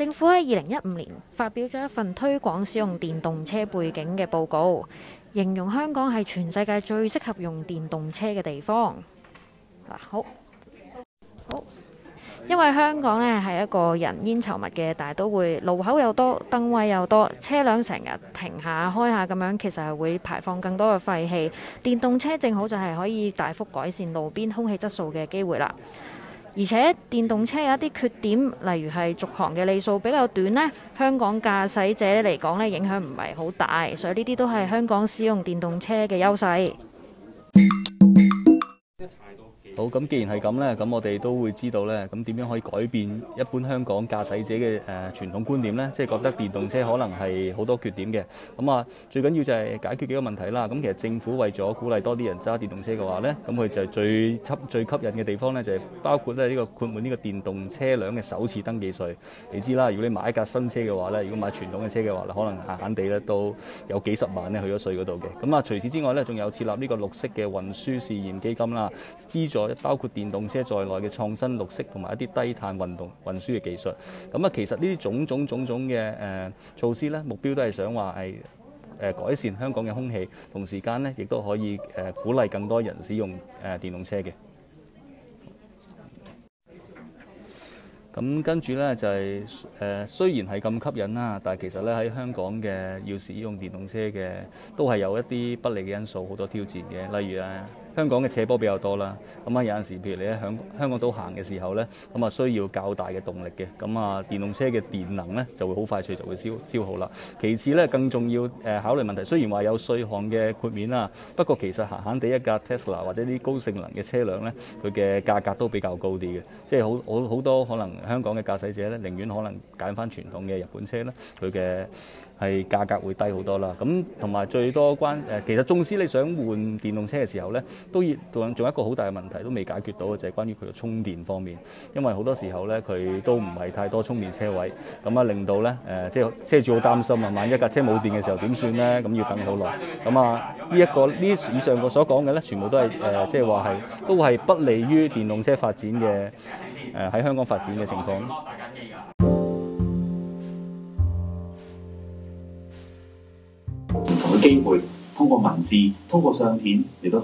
政府喺二零一五年發表咗一份推廣使用電動車背景嘅報告，形容香港係全世界最適合用電動車嘅地方。好好，因為香港呢係一個人煙稠密嘅大都會，路口又多，燈位又多，車輛成日停下開下咁樣，其實係會排放更多嘅廢氣。電動車正好就係可以大幅改善路邊空氣質素嘅機會啦。而且電動車有一啲缺點，例如係續航嘅里數比較短呢，香港駕駛者嚟講呢，影響唔係好大，所以呢啲都係香港使用電動車嘅優勢。好咁，既然係咁咧，咁我哋都會知道咧，咁點樣可以改變一般香港駕駛者嘅誒傳統觀點咧？即係覺得電動車可能係好多缺點嘅。咁啊，最緊要就係解決幾個問題啦。咁其實政府為咗鼓勵多啲人揸電動車嘅話咧，咁佢就最吸最吸引嘅地方咧，就係包括咧呢個豁免呢個電動車輛嘅首次登記稅。你知啦，如果你買一架新車嘅話咧，如果買傳統嘅車嘅話，呢可能閒閒哋咧都有幾十萬咧去咗稅嗰度嘅。咁啊，除此之外咧，仲有設立呢個綠色嘅運輸試驗基金啦，資助。包括電動車在內嘅創新綠色同埋一啲低碳運動運輸嘅技術，咁啊，其實呢啲種種種種嘅誒措施咧，目標都係想話係誒改善香港嘅空氣，同時間咧亦都可以誒鼓勵更多人使用誒電動車嘅。咁跟住咧就係、是、誒，雖然係咁吸引啦，但係其實咧喺香港嘅要使用電動車嘅，都係有一啲不利嘅因素，好多挑戰嘅，例如啊。香港嘅斜坡比較多啦，咁啊有陣時，譬如你喺香香港島行嘅時候咧，咁啊需要較大嘅動力嘅，咁啊電動車嘅電能咧就會好快脆就會消消耗啦。其次咧更重要誒考慮問題，雖然話有稅項嘅豁免啊，不過其實閒閒地一架 Tesla 或者啲高性能嘅車輛咧，佢嘅價格都比較高啲嘅，即係好好好多可能香港嘅駕駛者咧，寧願可能揀翻傳統嘅日本車啦，佢嘅係價格會低好多啦。咁同埋最多關誒、呃，其實縱使你想換電動車嘅時候咧。都亦仲有一個好大嘅問題都未解決到嘅，就係關於佢嘅充電方面，因為好多時候咧佢都唔係太多充電車位，咁啊令到咧誒即係車主好擔心啊，萬一架車冇電嘅時候點算咧？咁要等好耐，咁啊呢一個呢以上我所講嘅咧，全部都係誒即係話係都係不利於電動車發展嘅誒喺香港發展嘅情況。唔同嘅機會，通過文字，通過相片，亦都。